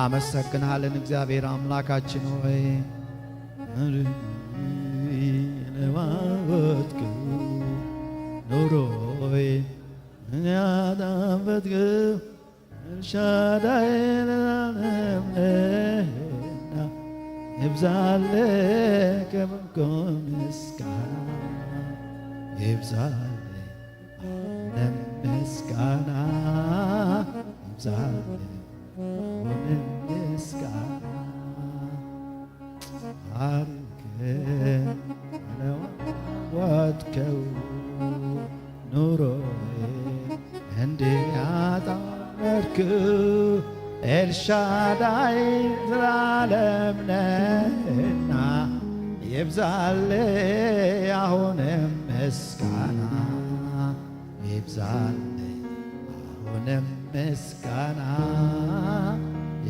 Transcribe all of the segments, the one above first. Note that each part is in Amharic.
አመሰግንሃለን እግዚአብሔር አምላካችን ሆይ ለማወትክ ኑሮይ ያዳንበትክ እርሻዳይ ለዓለምና ይብዛል ከበጎ ምስጋና ይብዛል ምስጋና ይብዛል አንከን አለዋወጥከው ኤልሻዳይ ዘላለም ነህና ይብዛል አሁንም ምስጋና ይብዛል አሁንም ምስጋና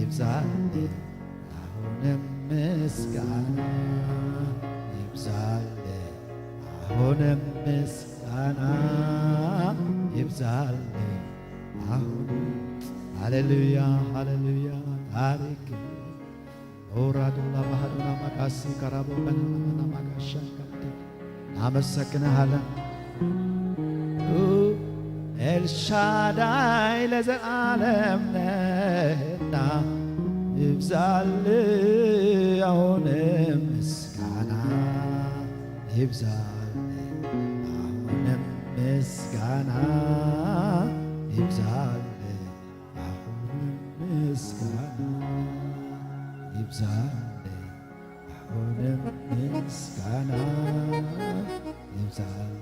ይብዛል አሁንም ምስጋና ይብዛል አሁንም ምስጋና ይብዛል አሁን ሃሌሉያ ሃሌሉያ ታሪክ ኦራዶላ ባህዶላ ማቃሲ ቀራቦ ቀናና ማቃሻ ከብት አመሰግንሃለን ኤልሻዳይ ለዘላለም ነህና ይብዛል አሁንም ምስጋና ይብዛል አሁንም ምስጋና ይብዛል አሁንም ምስጋና ይብዛል አሁንም ምስጋና ይብዛል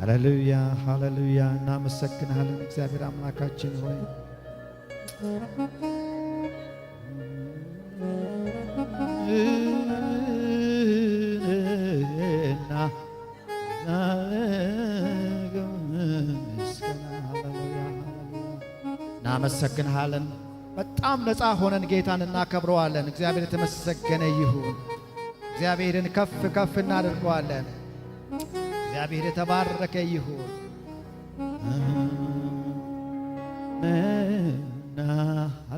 ሃሌሉያ ሃሌሉያ እናመሰግናለን እግዚአብሔር አምላካችን ሆይ እናመሰግንሃለን። በጣም ነፃ ሆነን ጌታን እናከብረዋለን። እግዚአብሔር የተመሰገነ ይሁን። እግዚአብሔርን ከፍ ከፍ እናደርገዋለን። እግዚአብሔር የተባረከ ይሁን።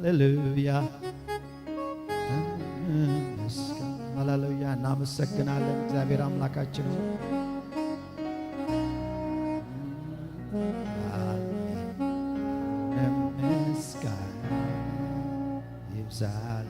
ሃሌሉያ ሃሌሉያ። እናመሰግናለን እግዚአብሔር አምላካችን ምስጋና ይብዛል።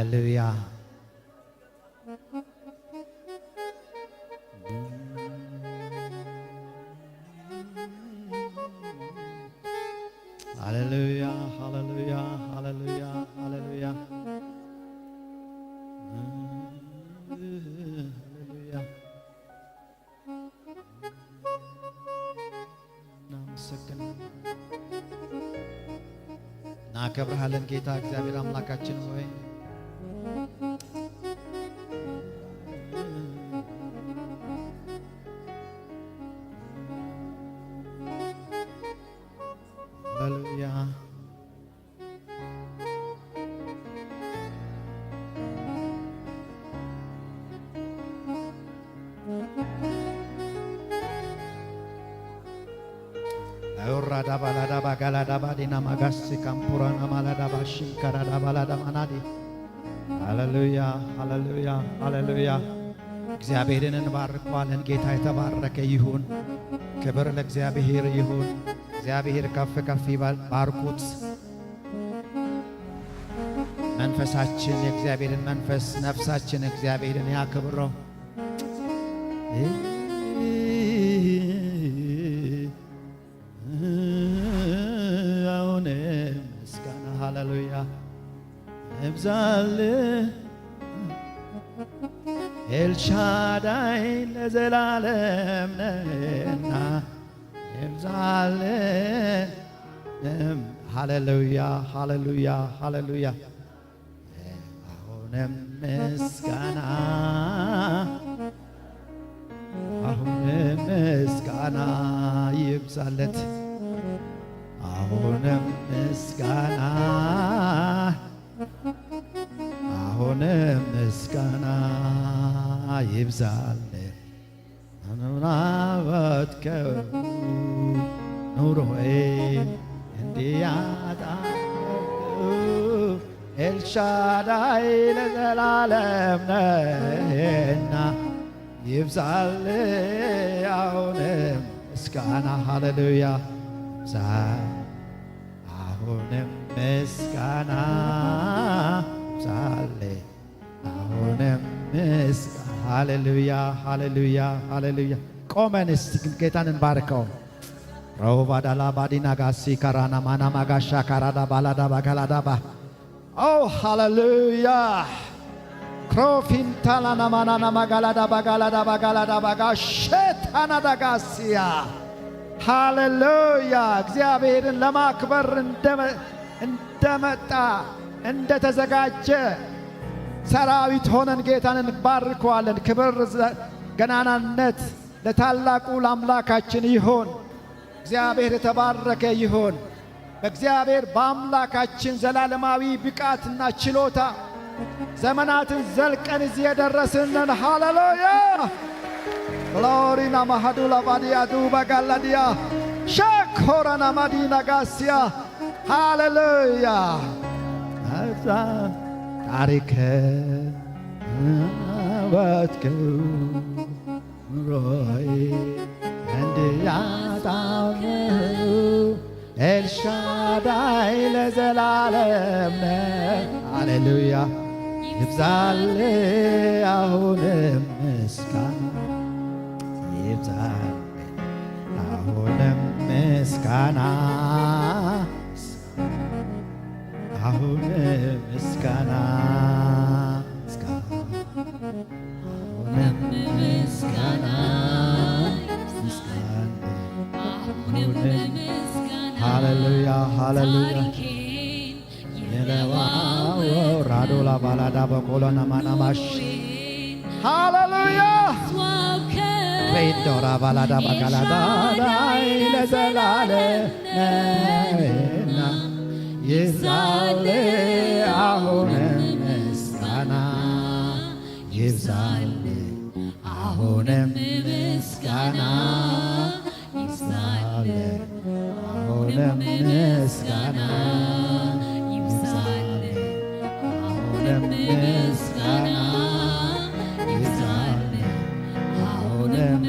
할렐루야. 할렐루야, 할렐루야, 할렐루야, 할렐루야. 할렐루야. 나መሰግናለን እናከብርሃለን ጌታ እግዚአብሔር አምላካችን ሆይ ራዳ ጋላዳባ ባጋላዳ ባዴና ማጋስ ካምፑራና ማላዳ ባሽን ከራዳ ባላዳ ማናዴ ሃሌሉያ ሃሌሉያ ሃሌሉያ። እግዚአብሔርን እንባርከዋለን። ጌታ የተባረከ ይሁን። ክብር ለእግዚአብሔር ይሁን። እግዚአብሔር ከፍ ከፍ ይበል። ባርኩት። መንፈሳችን የእግዚአብሔርን መንፈስ ነፍሳችን እግዚአብሔርን ያክብረው። ይብዛል ኤልሻዳይ ለዘላለም ነና ይብዛል። ሃሌሉያ ሃሌሉያ ሃሌሉያ። አሁንም ምስጋና አሁንም ምስጋና ይብዛለት አሁንም ምስጋና ሆነ ምስጋና ይብዛል ምናባት ኑሮዬ እንዲያጣ ኤልሻዳይ ለዘላለም ነህና ይብዛል አሁንም ምስጋና ሃሌሉያ ይብዛል አሁንም ምስጋና ጸለ አሁንም ምስ ሃሌሉያ ሃሌሉያ ሃሌሉያ። ቆመን እስቲ ጌታን እንባርከው። ረውባዳላ ባዲና ጋሲ ከራና ማና ማጋሻ ካራዳ ባላዳ ባካላዳባ ኦ ሃሌሉያ ክሮፊንታላና ማናና ማጋላዳ ባጋላዳ ባጋላዳ ባጋሸታናዳጋሲያ ሃሌሉያ እግዚአብሔርን ለማክበር እንደመጣ እንደ ተዘጋጀ ሰራዊት ሆነን ጌታን እንባርከዋለን። ክብር ገናናነት ለታላቁ ለአምላካችን ይሆን። እግዚአብሔር የተባረከ ይሆን። በእግዚአብሔር በአምላካችን ዘላለማዊ ብቃትና ችሎታ ዘመናትን ዘልቀን እዚህ የደረስንን ሃሌሉያ ግሎሪና ማሃዱ ላባዲያዱ ጋላዲያ ሸኮረና ማዲና ጋሲያ ሃሌሉያ በዛ ታሪከ አባትከው ኑሮዬ እንዲያጣምው ኤልሻዳይ ለዘላለም አሌሉያ ይብዛል አሁንም ምስጋና ይብዛል አሁንም ምስጋና አሁን ምስጋና ሃሌሉያ ሃሌሉያ የለዋው ራዶላ ባላዳ በቆሎና ማናማሽ ሃሌሉያ ሬዶራ ባላዳ ባጋላዳ ላይ ለዘላለ ይብዛል አሁንም ምስጋና ይብዛል አሁንም ምስጋና ይብዛል አሁንም ምስጋና ይብዛል አሁንም ምስጋና ይብዛል አሁንም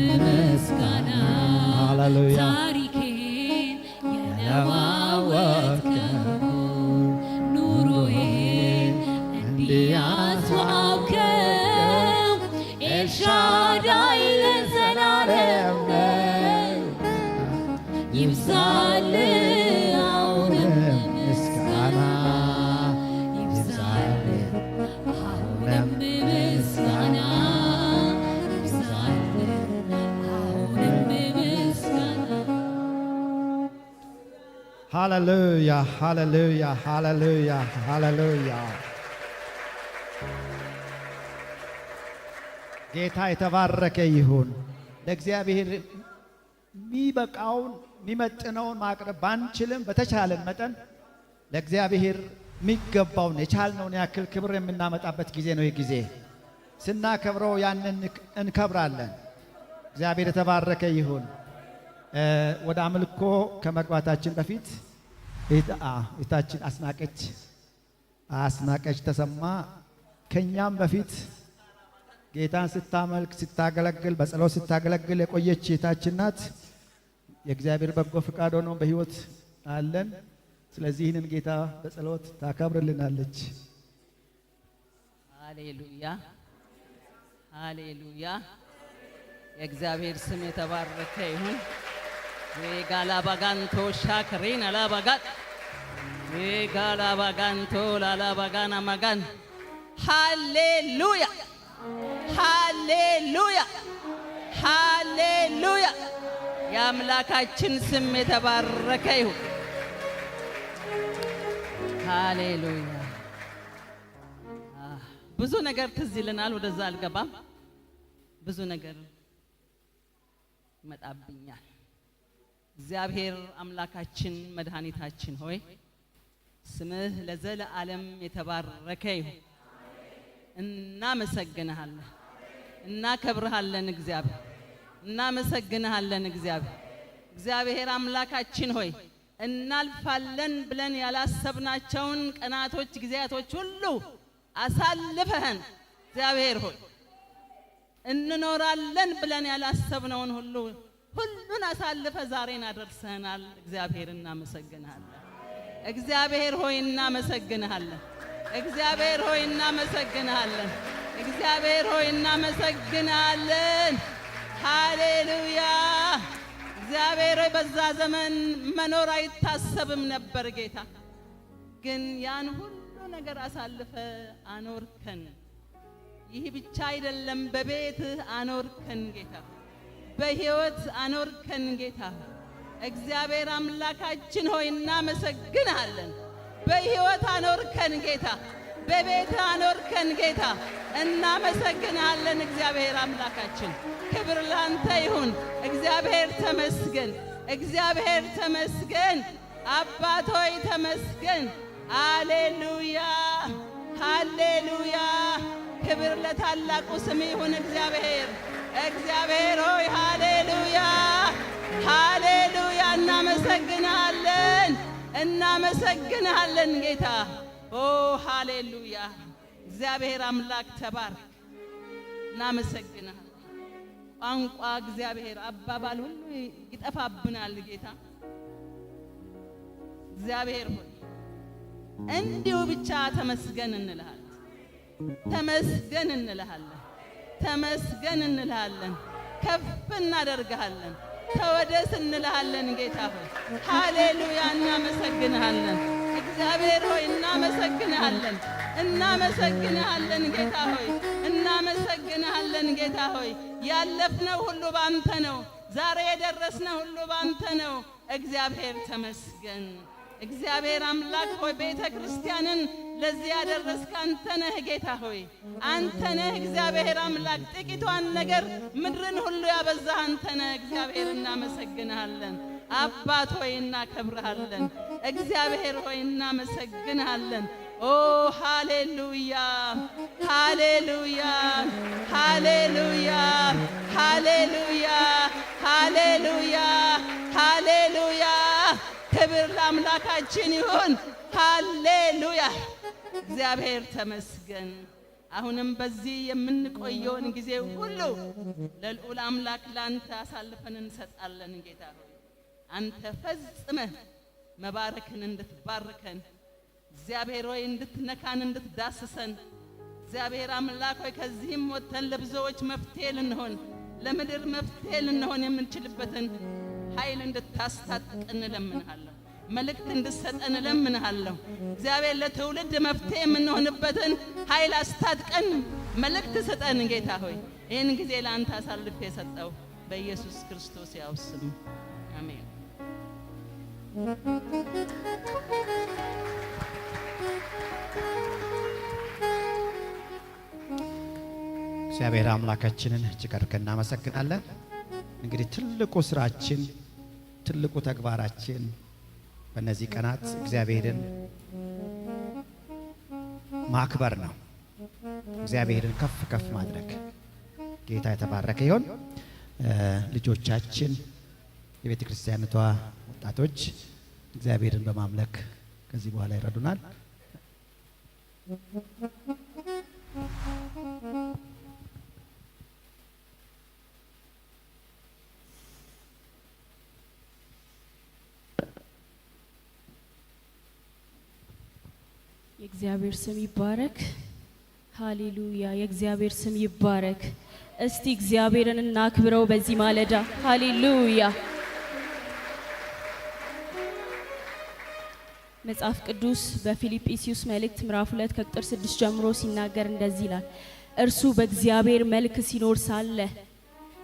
Hallelujah, Hallelujah, Hallelujah. ጌታ የተባረከ ይሁን። ለእግዚአብሔር የሚበቃውን የሚመጥነውን ማቅረብ ባንችልም በተቻለን መጠን ለእግዚአብሔር የሚገባውን የቻልነውን ያክል ክብር የምናመጣበት ጊዜ ነው። ይህ ጊዜ ስናከብረው ያንን እንከብራለን። እግዚአብሔር የተባረከ ይሁን። ወደ አምልኮ ከመግባታችን በፊት እህታችን አስናቀች አስናቀች ተሰማ ከእኛም በፊት ጌታን ስታመልክ ስታገለግል በጸሎት ስታገለግል የቆየች እህታችን ናት። የእግዚአብሔር በጎ ፈቃድ ሆኖ በሕይወት አለን። ስለዚህ ይህንን ጌታ በጸሎት ታከብርልናለች። ሃሌሉያ ሃሌሉያ። የእግዚአብሔር ስም የተባረከ ይሁን። ሜጋላባጋንቶ ሻክሪን አላባጋን ሜጋላባጋንቶ ላላባጋን አማጋን ሃሌሉያ ሃሌሉያ ሃሌሉያ። የአምላካችን ስም የተባረከ ይሁን። ሃሌሉያ። ብዙ ነገር ትዝ ይለናል። ወደዛ አልገባም። ብዙ ነገር ይመጣብኛል። እግዚአብሔር አምላካችን መድኃኒታችን ሆይ ስምህ ለዘለ የተባረከ ይሁን። እናመሰግንሃለን፣ እናከብርሃለን። እግዚአብሔር እናመሰግንሃለን። እግዚአብሔር እግዚአብሔር አምላካችን ሆይ እናልፋለን ብለን ያላሰብናቸውን ቀናቶች፣ ጊዜያቶች ሁሉ አሳልፈህን እግዚአብሔር ሆይ እንኖራለን ብለን ያላሰብነውን ሁሉ ሁሉን አሳልፈ ዛሬን አደርሰናል። እግዚአብሔር እናመሰግናለን። እግዚአብሔር ሆይ እናመሰግናለን። እግዚአብሔር ሆይ እናመሰግናለን። እግዚአብሔር ሆይ እናመሰግናለን። ሃሌሉያ። እግዚአብሔር ሆይ በዛ ዘመን መኖር አይታሰብም ነበር ጌታ ግን ያን ሁሉ ነገር አሳልፈ አኖርከን። ይህ ብቻ አይደለም፣ በቤትህ አኖርከን ጌታ በሕይወት አኖርከን ጌታ እግዚአብሔር አምላካችን ሆይ እናመሰግንሃለን። በሕይወት አኖርከን ጌታ፣ በቤት አኖርከን ጌታ፣ እናመሰግንሃለን። እግዚአብሔር አምላካችን ክብር ላንተ ይሁን። እግዚአብሔር ተመስገን፣ እግዚአብሔር ተመስገን። አባት ሆይ ተመስገን። አሌሉያ፣ ሃሌሉያ። ክብር ለታላቁ ስም ይሁን እግዚአብሔር እግዚአብሔር ሆይ ሃሌሉያ፣ ሃሌሉያ። እናመሰግናለን፣ እናመሰግናለን ጌታ ኦ ሃሌሉያ። እግዚአብሔር አምላክ ተባርክ። እናመሰግናለን። ቋንቋ እግዚአብሔር አባባል ሁሉ ይጠፋብናል ጌታ እግዚአብሔር ሆይ እንዲሁ ብቻ ተመስገን እንልሃል፣ ተመስገን እንልሃል። ተመስገን እንልሃለን፣ ከፍ እናደርግሃለን፣ ተወደስ እንልሃለን። ጌታ ሆይ ሃሌሉያ፣ እናመሰግንሃለን። እግዚአብሔር ሆይ እናመሰግንሃለን፣ እናመሰግንሃለን። ጌታ ሆይ እናመሰግንሃለን። ጌታ ሆይ ያለፍነው ሁሉ ባንተ ነው። ዛሬ የደረስነው ሁሉ ባንተ ነው። እግዚአብሔር ተመስገን። እግዚአብሔር አምላክ ሆይ ቤተ ክርስቲያንን ለዚህ ያደረስከ አንተ ነህ ጌታ ሆይ አንተ ነህ እግዚአብሔር አምላክ ጥቂቷን ነገር ምድርን ሁሉ ያበዛህ አንተ ነህ እግዚአብሔር እናመሰግንሃለን አባት ሆይ እናከብርሃለን እግዚአብሔር ሆይ እናመሰግንሃለን ኦ ሃሌሉያ ሃሌሉያ ሃሌሉያ ሃሌሉያ ሃሌሉያ አምላካችን ይሁን። ሃሌሉያ! እግዚአብሔር ተመስገን። አሁንም በዚህ የምንቆየውን ጊዜ ሁሉ ለልዑል አምላክ ላንተ አሳልፈን እንሰጣለን። ጌታ ሆይ አንተ ፈጽመ መባረክን እንድትባርከን እግዚአብሔር ሆይ እንድትነካን እንድትዳስሰን እግዚአብሔር አምላክ ሆይ ከዚህም ወጥተን ለብዙዎች መፍትሄ ልንሆን ለምድር መፍትሄ ልንሆን የምንችልበትን ኃይል እንድታስታጥቅ እንለምንሃለሁ። መልእክት እንድሰጠን እለምንሃለሁ። እግዚአብሔር ለትውልድ መፍትሄ የምንሆንበትን ኃይል አስታጥቀን መልእክት ስጠን ጌታ ሆይ። ይህን ጊዜ ለአንተ አሳልፌ የሰጠው በኢየሱስ ክርስቶስ ያው ስም አሜን። እግዚአብሔር አምላካችንን እጅግ አድርገን እናመሰግናለን። እንግዲህ ትልቁ ስራችን ትልቁ ተግባራችን በእነዚህ ቀናት እግዚአብሔርን ማክበር ነው። እግዚአብሔርን ከፍ ከፍ ማድረግ። ጌታ የተባረከ ይሆን። ልጆቻችን፣ የቤተ ክርስቲያንቷ ወጣቶች እግዚአብሔርን በማምለክ ከዚህ በኋላ ይረዱናል። የእግዚአብሔር ስም ይባረክ። ሃሌሉያ! የእግዚአብሔር ስም ይባረክ። እስቲ እግዚአብሔርን እናክብረው በዚህ ማለዳ። ሃሌሉያ! መጽሐፍ ቅዱስ በፊልጵስዩስ መልእክት ምዕራፍ ሁለት ከቁጥር ስድስት ጀምሮ ሲናገር እንደዚህ ይላል፣ እርሱ በእግዚአብሔር መልክ ሲኖር ሳለ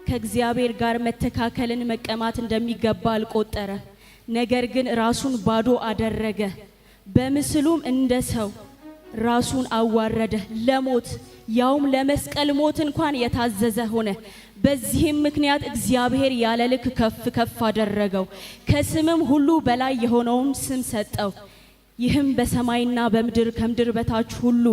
ከእግዚአብሔር ጋር መተካከልን መቀማት እንደሚገባ አልቆጠረ፣ ነገር ግን ራሱን ባዶ አደረገ፣ በምስሉም እንደ ሰው ራሱን አዋረደ፣ ለሞት ያውም ለመስቀል ሞት እንኳን የታዘዘ ሆነ። በዚህም ምክንያት እግዚአብሔር ያለ ልክ ከፍ ከፍ አደረገው፣ ከስምም ሁሉ በላይ የሆነውን ስም ሰጠው። ይህም በሰማይና በምድር ከምድር በታች ሁሉ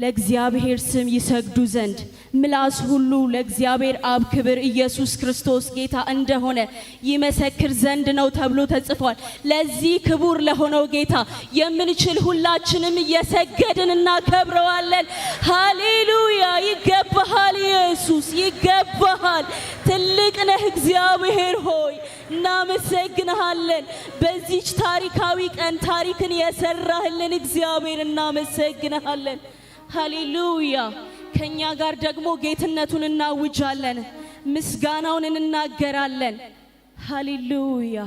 ለእግዚአብሔር ስም ይሰግዱ ዘንድ ምላስ ሁሉ ለእግዚአብሔር አብ ክብር ኢየሱስ ክርስቶስ ጌታ እንደሆነ ይመሰክር ዘንድ ነው ተብሎ ተጽፏል። ለዚህ ክቡር ለሆነው ጌታ የምንችል ሁላችንም እየሰገድን እናከብረዋለን። ሃሌሉያ! ይገባሃል ኢየሱስ፣ ይገባሃል። ትልቅ ነህ እግዚአብሔር ሆይ እናመሰግንሃለን። በዚች ታሪካዊ ቀን ታሪክን የሰራህልን እግዚአብሔር እናመሰግንሃለን። ሃሌሉያ። ከእኛ ጋር ደግሞ ጌትነቱን እናውጃለን፣ ምስጋናውን እንናገራለን። ሃሌሉያ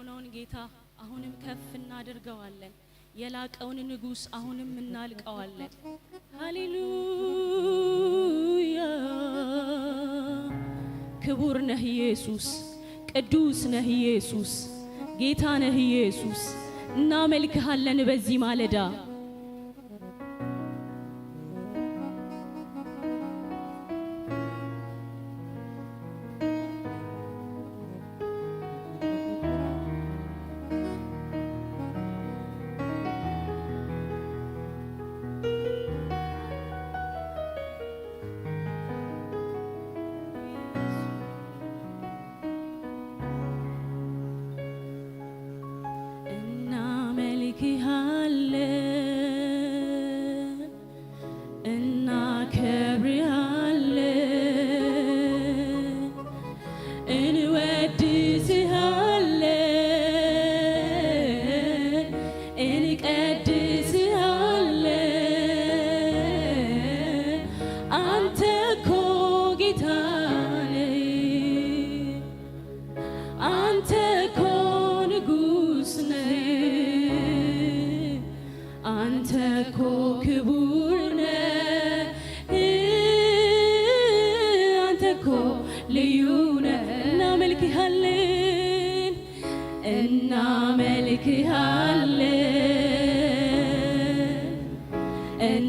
የሆነውን ጌታ አሁንም ከፍ እናደርገዋለን። የላቀውን ንጉሥ አሁንም እናልቀዋለን። ሃሌሉያ ክቡር ነህ ኢየሱስ፣ ቅዱስ ነህ ኢየሱስ፣ ጌታ ነህ ኢየሱስ። እናመልክሃለን በዚህ ማለዳ አለ እና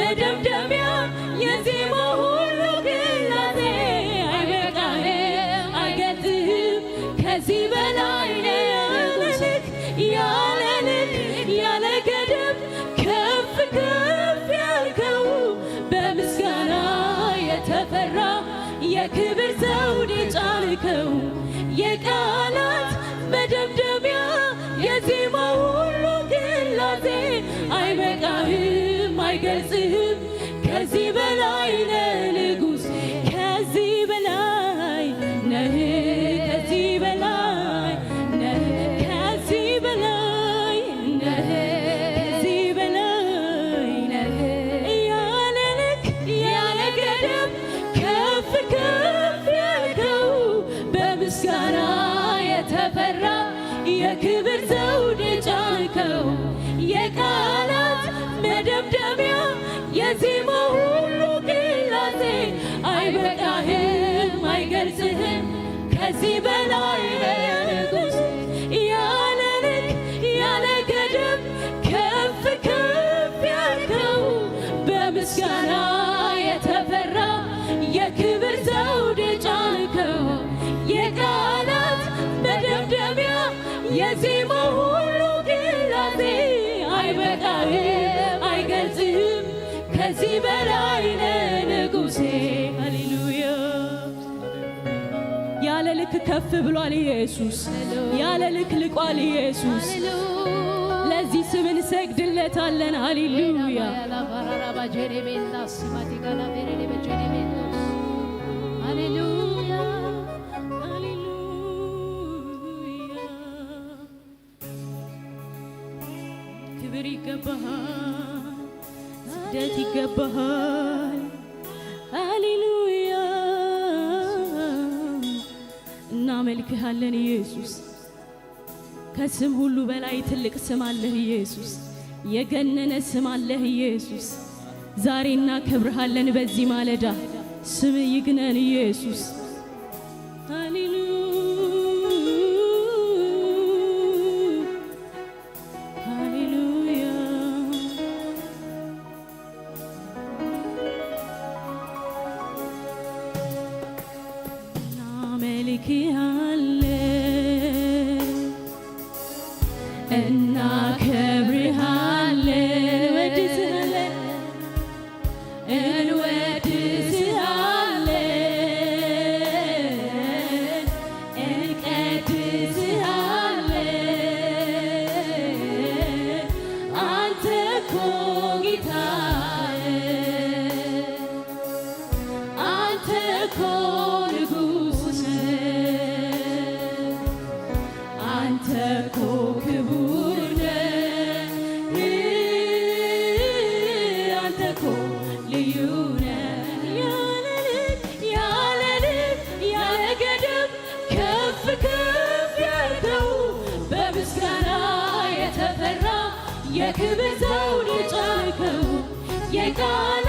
መደምደሚያ የዜማው ከፍ ብሏል ኢየሱስ፣ ያለ ልክ ልቋል ኢየሱስ። ለዚህ ስም እንሰግድለታለን። ሃሌሉያ ክብር ይገባሃል፣ ስግደት ይገባሃል። እናመልክሃለን ኢየሱስ። ከስም ሁሉ በላይ ትልቅ ስም አለህ ኢየሱስ። የገነነ ስም አለህ ኢየሱስ። ዛሬ እናከብርሃለን በዚህ ማለዳ ስም ይግነን ኢየሱስ። ሃሌሉያ ክብር ዘውድ ጨርቅው የቃል